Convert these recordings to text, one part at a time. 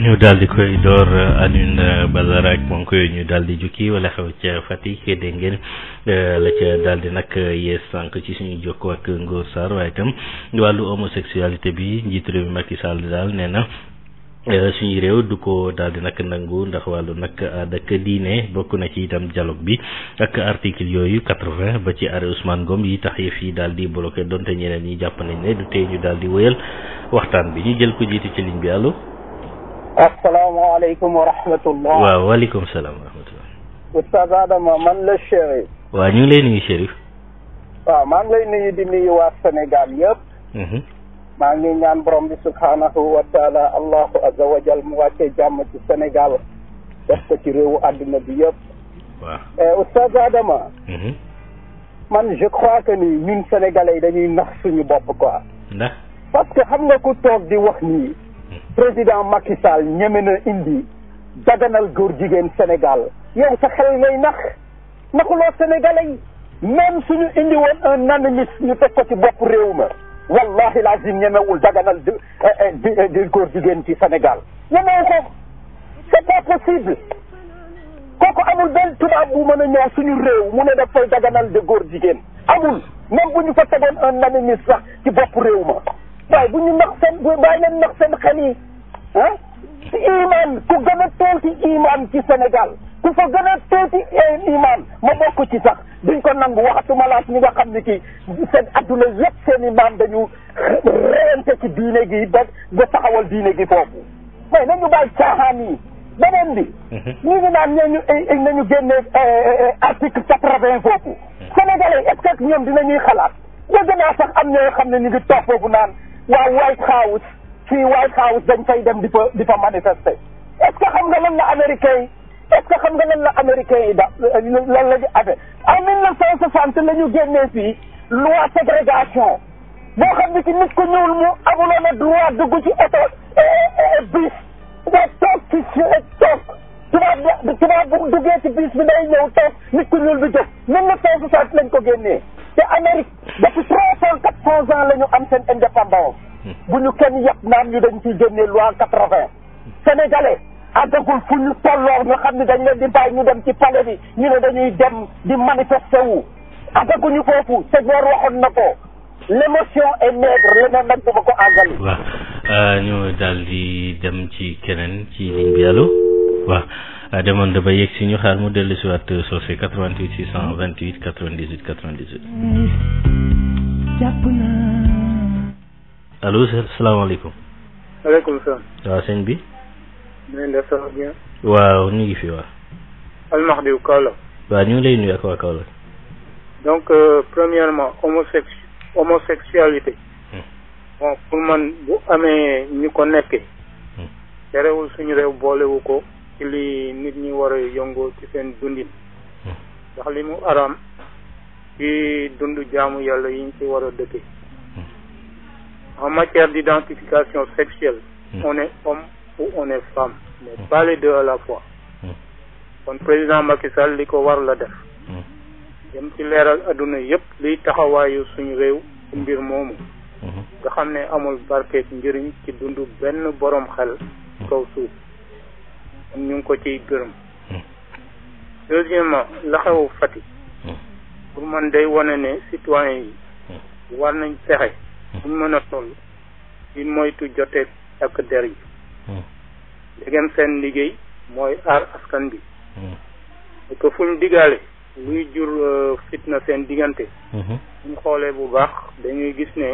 ñu daal di koy door euh, Alioune euh, Badara ak ponk yooyu ñu daal di jukki wala xew ca Fatick dégg ngeen euh, la ca daal di nag yées sànq ci suñu jokkoo ak Ngor Sarr waaye itam wàllu homosexualité bi njiitu réew mi Macky Sall daal nee na. suñu réew du ko daal di nag nangu ndax wàllu nag aada ak diine bokk na ci itam dialogue bi ak article yooyu quatre-vingt ba ci arrêt Ousmane Ngom yi tax yëf yi daal di bloqué donte ñeneen ñi jàpp nañ ne du tey ñu daal di wëyal waxtaan bi ñu jël ko jiitu ci ligne bi asalaamaaleykum wa rahmatullah. waaw waaleykum salaam wa rahmatullah. Oustaz Adama man la Chérif. waaw ñu ngi lay nuyu Chérif. waaw maa ngi lay nuyu di nuyu waa Sénégal yëpp. Mhm. maa ngi ñaan borom bi subhaanahu wa taala allahu azza wa jal mu wàccee jàmm ci Sénégal def ko ci réewu àdduna bi yëpp. waaw Oustaz eh, Adama. Mhm. man je crois que ni ñun sénégalais dañuy nax suñu bopp quoi. ndax parce que xam nga ku toog di wax nii. président Macky Sall ñeme na indi daganal góor jigéen Sénégal yow sa xel ngay nax naxuloo sénégalais yi suñu indi woon un animiste ñu teg ko ci bopp réew ma wallahi lazim ñemewul daganal di eh, eh, di góor jigéen ci Sénégal ñemewu ko c'est pas possible kooku amul benn tubaab bu mën a suñu réew mu ne daf koy daganal de góor jigéen amul même bu ñu fa tegoon un animiste sax ci bopp réew ma waaye bu ñu nax sen bàyyi leen nax seen xel yi ah iman ku gën a tuuti iman ci Sénégal ku fa gën a tuuti eh, iman ma bokk ci sax duñ ko nangu waxatuma laat ñi nga xam ni ki seen adduna yëpp seen iman dañu reyante ci diine gi ba ba taxawal diine gi foofu mais nañu bàyyi caaxaan yi beneen bi mhm. ñu ngi naan nañu eh, eh, nañu génne article quatre-vingt foofu mhm. sénégalais est-ce que ñoom dinañuy xalaat dégg a sax am ñoo xam ne ñu ngi toog foofu naan waa White House fii White House dañ fay dem di fa di fa manifester est ce que xam nga lan la américain yi est ce que xam nga lan la américain yi da lan la ñu affaire en mille neuf cent soixante la ñu génnee fii loi ségrégation boo xam ne ci nit ku ñuul mu amuloon a droit dugg ci oto bis nga toog ci toog tubaab bi tubaab bu duggee ci bis bi day ñëw toog nit ku ñuul bi jóg mille neuf cent soixante lañ ko génnee te Amérique depuis trois cent quatre cent ans la ñu am seen indépendance bu ñu kenn yëpp naan ñu dañ ciy génne loi quatre vingt sénégalais àggagul fu ñu tolloo nga xam ne dañ leen di bàyyi ñu dem ci palais bi ñu ne dañuy dem di manifester wu àggaguñu foofu Senghor waxoon na ko l'émotion est maigre leneen nag du ma ko àggal waaw euh, ñu daal dem ci keneen ci ligne bi allo de euh, demoon da ba yegg si ñu xaar mu dellu si waat soosé 88 628 98 98 jàpp naa allo salaamaaleykum. maaleykum salaam. waaw sëñ bi. na ngeen def bien. waaw ñu ngi fi waaw. almahdi wu Kaolack. waaw ñu ngi lay nuyu ak donc euh, premièrement homosex homosexualité. Hmm. bon pour man bu amee ñu ko nekkee. Hmm. terewul suñu réew boolewu ko ci li nit ñu war a yëngoo ci seen dundin. Hmm. ndax li mu araam ci dundu jaamu yàlla yi ñu ci war a dëkkee. en matière d'identification sexuelle, mmh. on est homme ou on est femme, mais mmh. pas à la fois. Hmm. kon président Macky Sall li ko war la def. jëm hmm. ci leeral adduna yëpp liy taxawaayu suñu réew mbir moomu. Hmm. nga xam ne amul barkeeg njëriñ ci dundu benn boroom xel kaw suuf ñu ngi ko ciy gërëm. deuxièmement la xew Fatick. pour man day wane ne citoyen yi war nañ sexe fu mën a toll di moytu joteeg ak der yi dégem hmm. seen liggéey mooy aar askan bi hmm. et que fu ñu digaale luy jur euh, fitna seen diggante hmm. ñu xoolee bu baax dañuy gis ne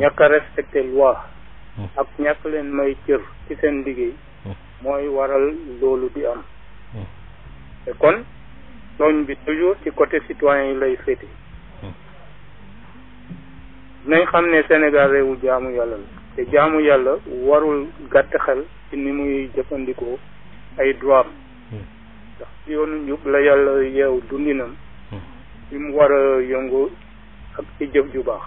ñàkk a loi ak ñàkk leen may cër ci seen liggéey mooy waral loolu di am te kon tooñ bi toujours ci côté citoyen yi lay féete nañ xam ne Sénégal réewu jaamu yàlla la te jaamu yàlla warul gàtt xel ci ni muy jëfandikoo ay droit hmm. ndax ci yoonu njub la yàlla yeew dundinam hmm. li mu war a yëngu ak ci jëf ju baax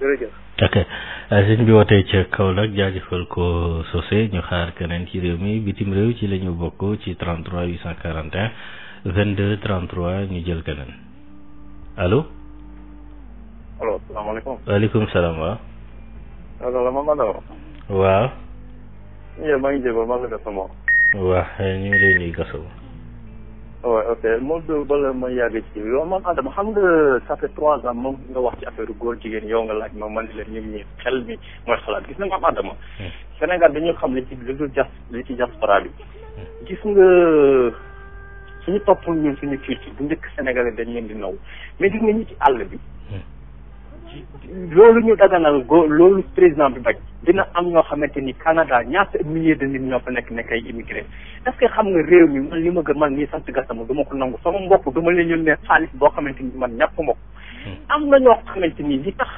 jërëjëf ok euh, sëñ bi wootee ca Kaolack jaajëfal ko Socé ñu xaar keneen ci réew mi bitim réew ci la ñu bokk ci 33 841 22 33 ñu jël keneen allo allo salaamaaleykum. waaleykum salaam waaw. allo man man la waaw. yéen maa ngi jéem maa ngi lay gasama. waaw ñu ngi lay nuyu gasama. waaw ok Maodo bala ma yàgg ci yow xam nga ça fait trois ans moom nga wax ci affaire góor jigéen yow nga laaj moom man la ñun ñi xel mi mooy xalaat gis na maam Adama. Sénégal dañu xam li ci li dul jas li ci diaspora bi. gis nga suñu toppul ñun suñu culture bu njëkk Sénégalais dañ leen di naw mais gis nga ñi ci àll bi. loolu ñu daganal go loolu président bi bañ dina am ñoo xamante ni Canada ñaata milliers de nit ñoo fa nekk nekk ay immigré est que xam nga réew mi man li ma gën man nii sant Gassama du ma ko nangu sama mbokk du ma leen ñu ne xaalis boo xamante ni man ñàkk ma am na ñoo xamante ni li tax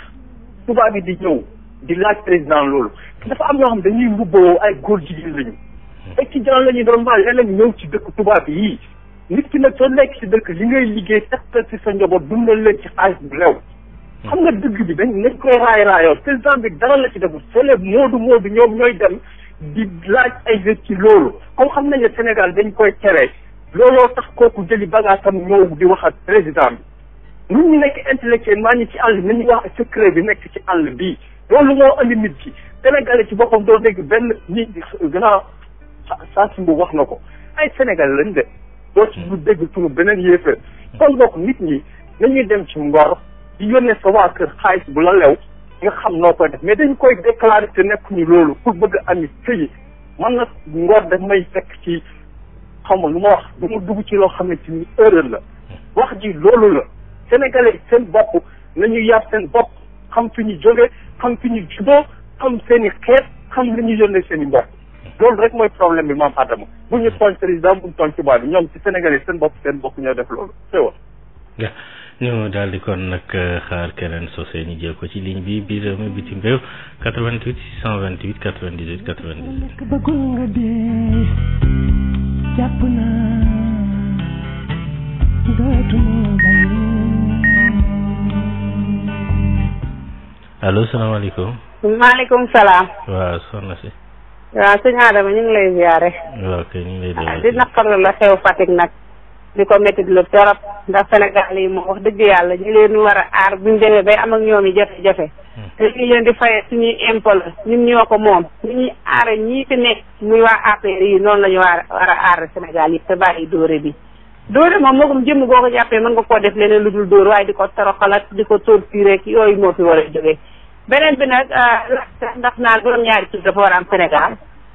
tubaab bi di ñëw di laaj président loolu dafa am ñoo xam dañuy mbubboo ay góor jigéen lañu étudiant la ñu doon baal leneen ñëw ci dëkk tubaab yi nit ki nag soo ci dëkk li ngay liggéey teg ci sa njaboot dundal leen ci xaalis bu xam nga dëgg bi dañ nañ koy raay raayoo président bi dara la ci deful fële moodu moodu ñoom ñooy dem di laaj ay gëstu ci loolu comme xam nañ ne Sénégal dañ koy tere looloo tax kooku jëli bagaasam ñëw di wax ak président bi ñun ñu nekk intellectuel maa ngi ci àll bi nañu wax secret bi nekk ci àll bi loolu moo andi nit ci Sénégalais ci boppam doo dégg benn nit gannaaw saa si wax na ko ay Sénégalais lañ de doo ci dégg turu beneen yéefar kon bokk nit ñi nañuy dem ci ngor di yónnee sa waa kër xaalis bu la lew nga xam noo koy def mais dañ koy déclarer te nekkuñu loolu pour bëgg a ami fii man nag ngor daf may fekk ci xaw ma lu ma wax du ma dugg ci loo xam xamante ni erreur la wax ji loolu la sénégalais seen bopp lañuy yar seen bopp xam fi ñu jóge xam fi ñu judoo xam seen i xeet xam li ñu yónnee seen i mbokk loolu rek mooy problème bi maam Adama bu ñu tooñ président bu ñu tooñ tubaab bi ñoom ci sénégalais seen bopp seen bopp ñoo def loolu c'est ñu daldi di kon nag euh, xaar keneen sosé ñu jël ci ligne bi biir réew mi bitim réew 88 628 98 98. bëggul nga dee jàpp naa dootuma bàyyi. allo salaamaaleykum. maaleykum salaam. waaw soxna si. waaw sëñ Adama ñu ngi lay ziare. waaw kay ñu lay ah, ziare. di naqarlu la xew Fatick nag. di ko métti lu torop ndax Sénégal yi mo wax dëgg yàlla ñu leen war a aar buñu demee bay am ak ñoom yi jafe-jafe hmm. te ñu leen di fayee suñuy impôt la ñun ñoo ko moom ñu ñuy aare ñii fi nekk muy waa APR noonu la ñu war a war aar Sénégal yi te bàyyi dóore bi dóore moom moo gum jëmm boo ko jàppee mën nga koo def leneen lu dul dóor waaye di ko toroxalat di ko torturer ki yooyu moo fi war joge jógee beneen bi nag ah, ndax naan borom ñaari tur dafa war a am Sénégal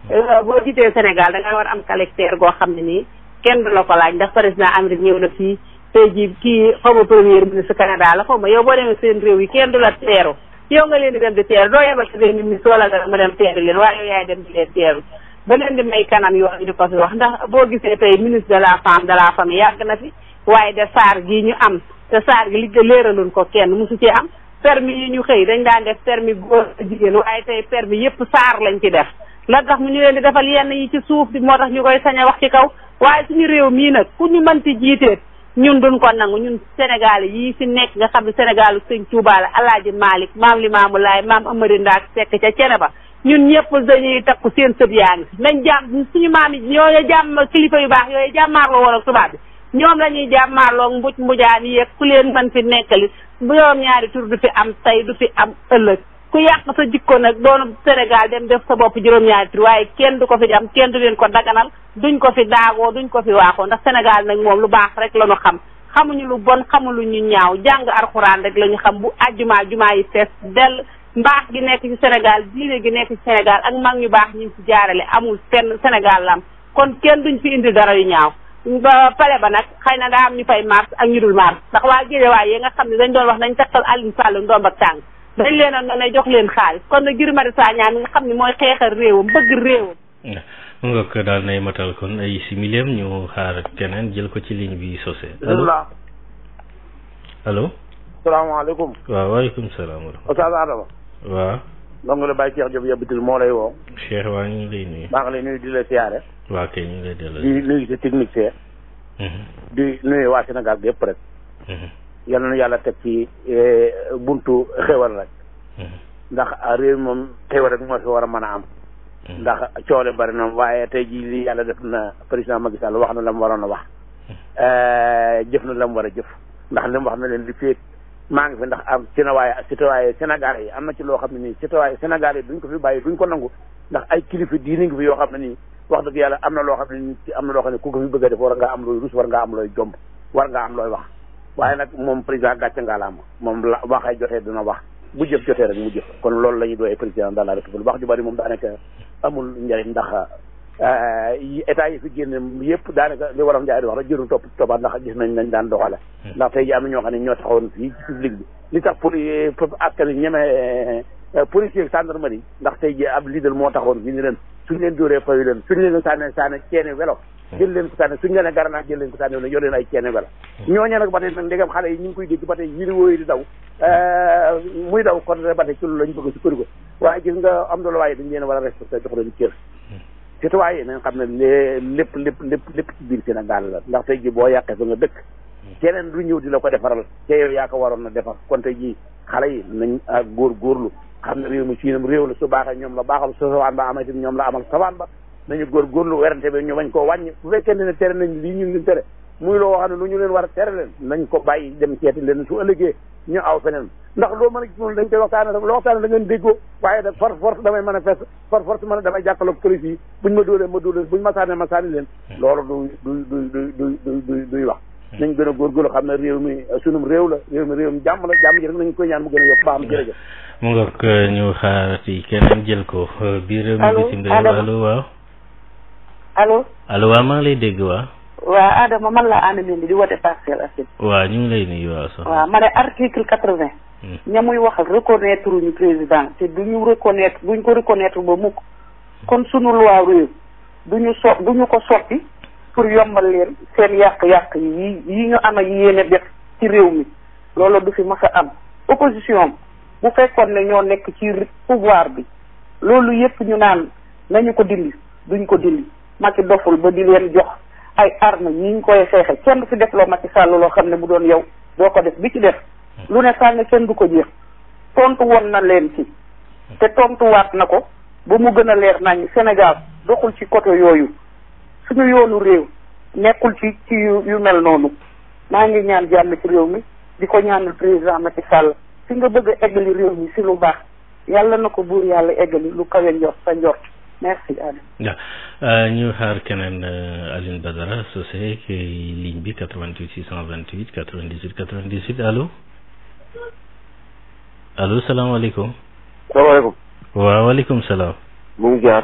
hmm. eh, boo jiitee Sénégal war am caractère goo xam ne nii kenn du la ko laaj ndax président Amérique ñëw na fii tey jii kii xaw ma premier ministre Canada la xaw ma yow boo demee seen réew yi kenn du la teeru yow nga leen di dem di teeru doo yebal si benn ministre wala nga mu dem teeru leen waaye yow yaay dem di leen teeru ba di may kanam yoo ñu di ko fi wax ndax boo gisee tey ministre de la femme de yàgg na fi waaye de saar gii ñu am te saar gi li léeraluñ ko kenn musu ci am permis yi ñu xëy dañ daan def permis góor jigéen waaye tey permis yëpp saar lañ ci def la tax ñu leen di defal yenn yi ci suuf bi moo tax ñu koy sañ a wax ci kaw waaye suñu réew mii nag ku ñu mënti jiitee ñun duñ ko nangu ñun Sénégal yii si nekk nga xam ne Sénégal sëñ Touba la Alaaji Malick maam Limaamu Laay maam Amari Ndaak Seck ca cene ba ñun ñëpp dañuy takku seen sët yaa ngi nañ jàmm suñu maam yi ñooñu jàmm kilifa yu baax yooyu jàmmaarloo woon ak tubaab bi ñoom la ñuy jàmmaarloo mbuj mbujaan yeeg ku leen mën nekkali bu ñoom ñaari tur am tey du fi am ëllëg ku yàq sa jikko nag doonu Sénégal dem def sa bopp juróom-ñaari waaye kenn du ko fi am kenn du leen ko daganal duñ ko fi daagoo duñ ko fi waaxoo ndax Sénégal nag moom lu baax rek la xam xamuñu lu bon xamuñu ñu ñaaw jàng arxuraan rek la ñu xam bu àjjuma jumaa yi fees dell mbaax gi nekk ci Sénégal diine gi nekk ci Sénégal ak mag ñu baax ñu ci jaarale amul fenn Sénégal la am kon kenn duñ fi indi dara yu ñaaw ba pale ba nag xëy na daa am ñu fay mars ak ñu dul ndax waa Guédiawaye yi nga xam ne dañ doon wax nañ takkal Alioune Sall ndomb ak tànk dañ leen a ne jox leen xaalis kon nag Guy Marius Sagna nga xam ne mooy xeexal réewam bëgg réewam. mu nga ko daal nay matal kon ay simileem ñu xaar keneen jël ko ci ligne bi sosé. allo allo. salaamaaleykum. waaw waaleykum salaam wa rahmatulah. Oustaz Adama. waaw. ndongo la Baye Cheikh Diop lay woo. waa ñu ngi lay nuyu. nuyu di la siyaare. waa nuyu sa technicien. Mhm. di nuyu waa Sénégal yal na yàlla teg ci eh, buntu xéwal rek mm-hmm. ndax réew mi moom xéwal rek moo fi war a mën a am mm-hmm. ndax coole bari na waaye tey jii lii yàlla def na président Macky Sall wax na la mu waroon a wax mm-hmm. eh, jëf na la mu war a jëf ndax li mu wax na leen li féeg maa ngi fi ndax am ci na waaye citoyen Sénégal yi am na ci loo xam ne nii citoyen Sénégal yi duñ ko fi bàyyi duñ ko nangu ndax ay kilifa diini ngi fi yoo xam ne nii wax dëgg yàlla am na loo xam ne nii am na loo xam ne ku ko a war ngaa am looy rus war ngaa am looy jomb waaye nag moom président gàcce ma moom la waxay jotee dina wax bu jëf jotee rek mu jëf kon loolu la ñuy doyee président de la république wax ju bari moom daanaka amul njëriñ ndax euh, état yi fi génn yëpp daanaka li waram njaay di wax rek jëru topp toppaat ndax gis nañ nañ daan doxale hmm. ndax tey ji am ñoo xam ne ñoo taxawoon fii ci public bi li tax pour euh, askan wi ñeme euh, policier gendarmerie ndax te ji ab leader moo taxawoon fii ni ren suñ leen dóoree fayu leen suñ leen sànne sànne ceene welo hmm. jël leen ko sànne suñ leen gar naa jël leen ko sànne welo yor leen ay ceene hmm. nag ndegam xale yi ñu ngi koy dégg ba tey vidéo yi di daw euh, muy daw kon ba tey ci loolu lañ bëgg si kër ko waaye gis nga am doolu waaye dañ leen war a respecté jox leen cër citoyen yi nañ xam ne lépp lépp lépp lépp ci biir Sénégal la ndax tey ji boo yàqee fa nga dëkk hmm. keneen du ñëw di la ko defaral te yaa ko waroon na defar kon tey ji xale yi nañ ak góor góorlu xam ne réew mi siinam baax la ñoom la a su sawaan ba amati ñoom la amal sawaan ba nañu góorgóorlu werante bi ñu bañ koo wàññi bu fekkee ne tere nañ lii ñu leen tere muy loo xam ne lu ñu leen war tere leen nañ ko bàyyi dem seeti leen su ëllëgee ñu aw feneen ndax loo mën a gis noonu dañ koy waxtaane loo waxtaane da ngeen déggoo waaye da for force damay manifeste for force man damay jàkkaarloog police yi buñ ma dóolee ma dóolee buñ ma saane ma saani leen loolu du du du du du du duy wax nañ gën a góorgóorlu xam ne réew mi réew la réew mi réewum jàmm la jàmm ji rek nañ koy ñaan mu gën a yokk baax am jërëjëf mu ngoog ñu xaarati keneen jël ko uh, biir réew mi bitim réew allo waaw allo allo waaw maa ngi lay dégg waa waaw Adama man laa ànd di di woote Parcelles Assainies waaw ñu ngi lay nuyu waaw sax waaw ma ne article quatre-vingt hmm. ña muy waxal reconnaître ñu président te duñu reconnaître duñ ko reconnaître ba mukk hmm. kon sunu loi réew duñu so duñu ko soppi pour yombal leen seen yàq-yàq yi yi ñu am ak yéene def ci réew mi loolu du fi mas a am opposition bu fekkoon ne ñoo nekk ci pouvoir bi loolu yépp ñu naan nañu ko dindi duñ ko dindi Macky doful ba di leen jox ay arme yi ñu koy xeexe kenn du fi def loo Macky Sall loo xam ne bu doon yow doo ko def bi ci def lu ne sànni kenn du ko jeex tontu woon na leen ci te tontuwaat na ko ba mu gën a leer nañ Sénégal doxul ci côté yooyu suñu yoonu réew nekkul ci ci yu mel noonu maa ngi ñaan jàmm ci réew mi di ko ñaanal président Macky Sall fi nga bëgg a eggali réew mi si lu baax yàlla na ko buur yàlla eggali lu kawe njort sa njort merci Aliou. Euh, waaw ñu xaar keneen euh, Alioune Badara Socé ci ligne bi 88 628 98 98 allo allo salaamaaleykum. salaamaaleykum. waaw waaleykum salaam. mu ngi jaar.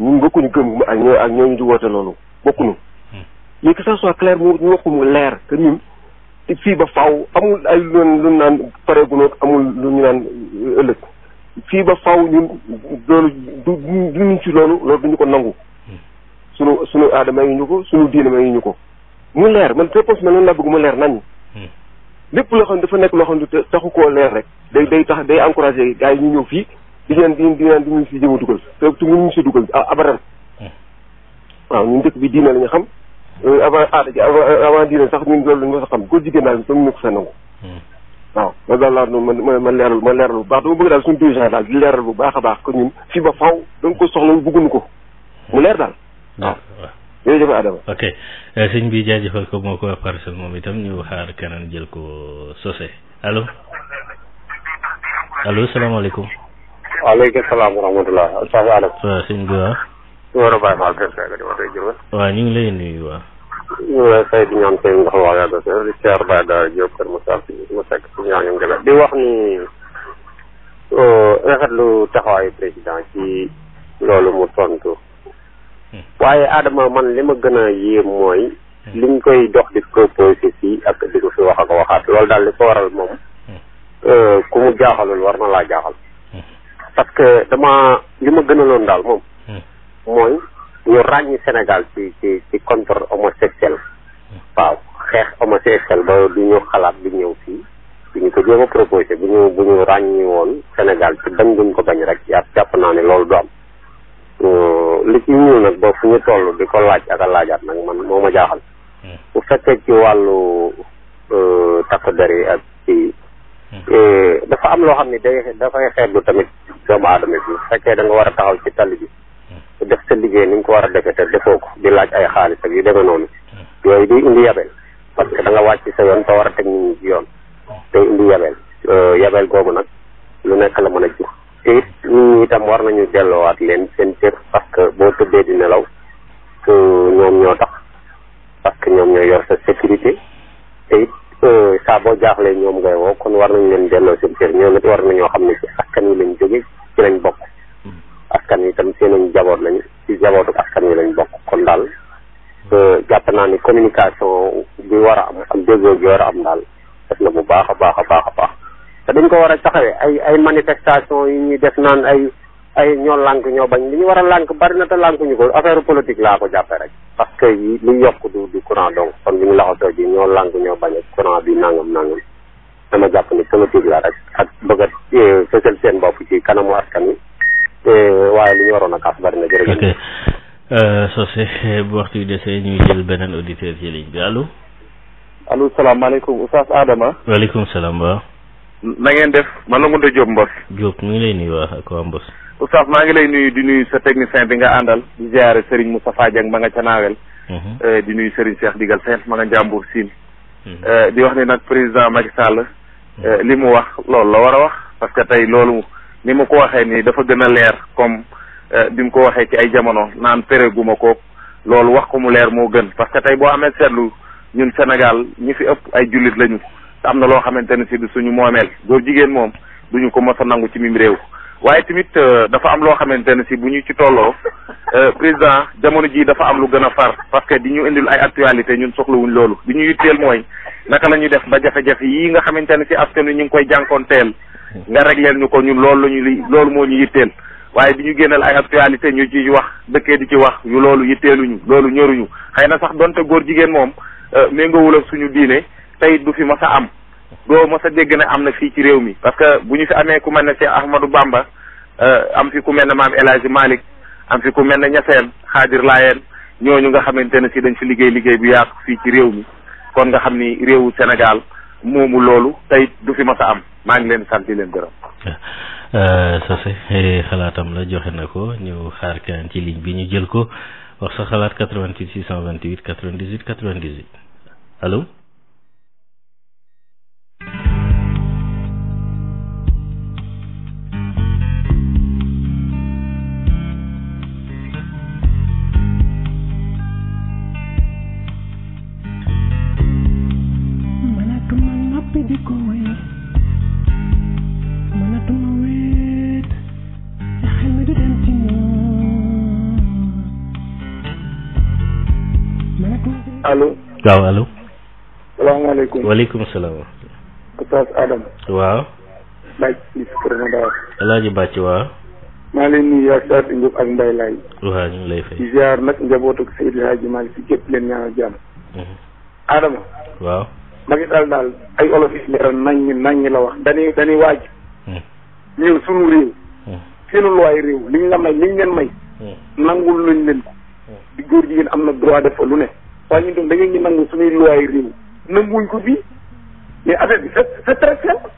ñun bokkuñu gëm ak ñoo ak ñooñu di woote loolu bokkuñu. Hmm. mais que ça soit mu ñu wax leer que ñun fii ba faw amul ay lu ñu naan pareeguloon amul lu ñu naan ëllëg fii ba faaw ñun loolu du duñu ci loolu loolu duñu ko nangu. Hmm. sunu sunu aada ñu ko sunu diine ñu ko mu leer man réponse man noonu laa bëgg mu leer nañ hmm. lépp loo dafa nekk loo xam ne taxu koo leer rek day day tax day encouragé gars yi ñu ñëw fii. di ngeen di di naan di ñu si jëm a dugal te tu ñu si dugal ah abadan waaw ñun dëkk bi diine la ñu xam euh, avant aada ah, ji euh, avant diine sax ñun loolu lañu mos a xam góor jigéen daal comme ñu ko sa nangu waaw loolu daal laa noonu man ma ma leeral ma leeral bu baax dama bëgg daal suñu deux ans daal di leeral bu baax a baax que ñun fi ba faw da nga ko soxla bëgguñu ko mu leer daal ah, waaw jërëjëf Adama ok euh, sëñ bi jaajëfal ko moo ko wax parcelle moom itam ñu xaar keneen jël ko sose allo allo salaamaaleykum waaleykum salaam wa rahmatulah. waaw sëñ bi waaw. war a bàyyi ma alfayda Seydou ñu lay nuyu waaw. ñu ngi lay ñaan seen ndox wax yàlla seen di seer Baye Daara Diop kër ma fekk si ñaar ñu ngi di wax ni rafetlu taxawaayu président ci loolu mu tontu. waaye Adama man li ma gën a yéem mooy. liñ koy dox di proposé fii ak di ko fi wax ak waxaat loolu daal li ko waral moom. Hmm. Eh, ku mu jaaxalul war na laa jaaxal. parce que dama li ma gënaloon daal moom. Hmm. mooy ñu ràññi Sénégal ci ci ci contre homosexuel. Hmm. waaw xeex homosexuel ba du ñu xalaat di ñëw fii du ñu ko jéem a proposé bu ñu bu ñu ràññi woon Sénégal ci bañ duñ ko bañ rek yàpp jàpp naa ne loolu du euh, li ci ñëw nag ba fu ñu toll di ko laaj ak a laajaat nag man moom a jaaxal. Hmm. bu fekkee ci wàllu euh, takk der ak ci Hmm. Eh, dafa am loo xam ne day dafay xeetlu tamit doomu aadama bi fekkee da nga war a taxaw ci tali bi hmm. def sa liggéey ni nga ko war a defee te defoo ko di laaj ay xaalis ak yu demee noonu hmm. yooyu day indi yabel parce que danga wàcc sa yoon te war a teg nit yoon day indi yabel eh, yabel googu nag lu nekk la mën a jur te nit ñi itam war nañu delloowaat leen seen cër parce que boo tëddee di nelaw ñoom ñoo tax parce que ñoom ñoo yor sa sécurité te Euh, saa boo jaaxlee ñoom ngay woo kon war nañ leen delloo seen cër ñoom it war nañoo xam ne ci askan wi lañ jóge ci lañ bokk hmm. askan wi tam seenañ jaboot lañ ci jabootu askan wi lañ bokk kon daal euh, jàpp naa ni communication bi war a am ak déggoo bi war a am daal def na bu baax a baax a baax a baax te dañ ko war a taxawee ay ay manifestation yi ñuy def naan ay ay ñoo lànk ñoo bañ li ñu war a lànk bari na te lànkuñu ko affaire politique laa ko jàppee rek. parce que li yokk du du courant donc kon li ñu laxasoo ji ñoo lànk ñoo bañ dama jàpp ni la rek eh, seen bopp ci kanamu askan wi te eh, waaye li ñu a kaas bari na jërëjëf. ok Socé man la Moundou Diop Mbos. ak waa Mbos. Oustaz maa ngi lay nuyu dinuy sa technicien bi nga àndal di ziare Serigne Moustapha Dieng ma nga ca naawel mhm. eh, di nuyu Serigne Cheikh Digal Sène ma nga njàmbur siin mhm. eh, di wax ni nag président Macky Sall mhm. eh, li mu wax loolu la war a wax parce que tey loolu ni mu ko waxee nii dafa gën a leer comme bi mu ko waxee ci ay jamono naan péreguma ko loolu wax ko mu leer moo gën parce que tey boo amee seetlu ñun Sénégal ñi fi ëpp ay jullit lañu am na loo xamante ne si du suñu moomeel góor jigéen moom duñu ko mos a nangu ci mim réew waaye tamit euh, dafa am loo xamante ne si bu ñu ci tolloo euh, président jamono ji dafa am lu gën a far parce que di ñu indil ay actualité ñun soxlawuñ loolu di ñu yitteel mooy naka la ñuy def ba jafe-jafe yii nga xamante ne si askan wi ñu ngi koy jànkoonteel nga régleel ñu ko ñun loolu la ñu loolu moo ñu yitteel waaye di ñu génneel ay actualité ñu ci wax dëkkee di ci wax yu loolu yitteeluñu loolu ñoruñu xëy na sax doonte góor jigéen moom euh, méngoowul ak suñu diine tey du fi mas a am doo mas a dégg ne am na fii ci réew mi parce que bu ñu fi amee ku mel ne Cheikh Ahmadou Bamba Euh, am fi ku mel ne maam El Hadji Malick am fi ku mel ne Ñaseen Xaadir ñoo ñu nga xamante ne si dañ fi liggéey liggéey bu yaatu fii ci réew mi kon nga xam ni réewu Sénégal moomu loolu tey du fi mas a am maa ngi leen sant di leen gërëm. Euh, Socé eh, xalaatam la joxe na ko ñu xaar keneen ci ligne bi ñu jël ko wax sa xalaat 88 628 98 98 allo. waaw allo. salaamaaleykum waaleykum salaam. Oustaz Adam. waaw. Bàcc si Kër Madaar. El Hadj Bàcc maa leen nuyu yaa Sadio Ndiop ak Mbaye Laye. waaw ñu ngi lay fay. di ziar nag njabootu ak Seydou Hadj Malick si képp leen ñaanal jàmm. Mhm. Adama. waaw. Macky Sall daal ay olof yi leeral naññi naññi la wax dañuy dañuy waaj. Mhm. ñëw sunu réew. Mhm. seenu luwaay réew liñ la may liñ leen may. nangul luñ leen di góor jigéen am na droit def lu ne. waaye ñun tam da ngeen ñu nangu suñuy luwaay réew nanguwuñ ko fii mais affaire bi c'est très simple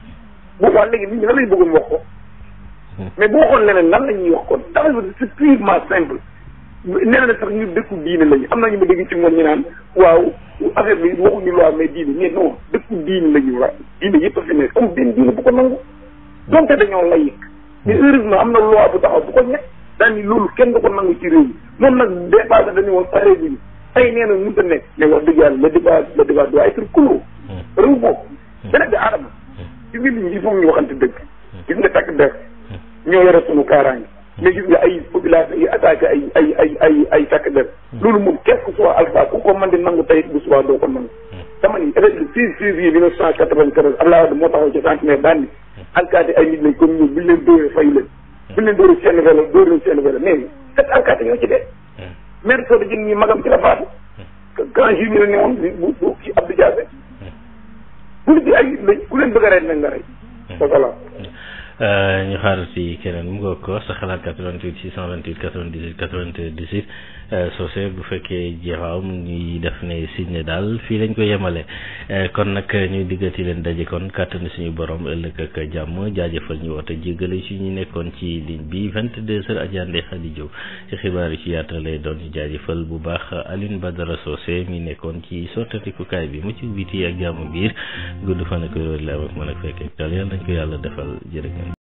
bu xool léegi nit ñi lan lañ bëggoon wax ko mais bu waxoon leneen lan la ñuy wax kon dafa c'est purement simple nee na sax ñu dëkku diine lañu am na ñu ma dégg ci moom ñu naan waaw affaire bi waxuñu loi mais diine mais non dëkku diine lañu wax diine yëpp a fi nekk amul diine bu ko nangu donte dañoo lay mais heureusement am na loi bu taxaw bu ko ñekk daan loolu kenn du ko nangu ci réew mi moom nag dépassé dañu woon pare tey nee na mënut nekk mais wax dëgg yàlla le débat le débat doit être clos. Hmm. rëw boo ko. Hmm. beneen bi aadama. Hmm. gis nga nit ñi foog ñu waxante dëgg. gis nga takk der ñoo yore sunu kaaraange. mais gis nga ay population yi attaqué ay ay ay ay ay takk der loolu moom quel que soit alpha ku ko mën di nangu tey bu subaa doo ko nangu. dama ni le 6 février 1994 Abdoulaye Wade ci centenaire alkaati ay nit lañ comme ñun leen dóoree fayu leen. buñ leen dóoree seen vélo dóor leen seen vélo mais kat alkaati ñoo ci dee. mercredi jën ñi magam ci la faatu hmm. grand juif ñi la ne woon bu bu ci hmm. ku leen bëgg a rey nañ la rey voilà hmm. euh, ñu xaaral si keneen mu nga ko sa xalaat 88 628 98 98 Euh, Socé bu fekkee jeexaaw mu ngi def ne Sydney daal fii lañ ko yemale euh, kon nag ñuy diggati leen daje kon kàttan suñu borom ëllëg ak jàmm jaajëfal ñu woote jéggale ci ñu nekkoon ci ligne bi 22h Adja Ndeye Khady jëw ci xibaar yi ci yaatal lay doon jaajëfal bu baax Alioune Badara Socé mi nekkoon ci sottatikukaay bi mu ci biti ak jàmm biir gudd fan ak wér la am ak mën a fekk ak tal yàlla ko yàlla defal jërë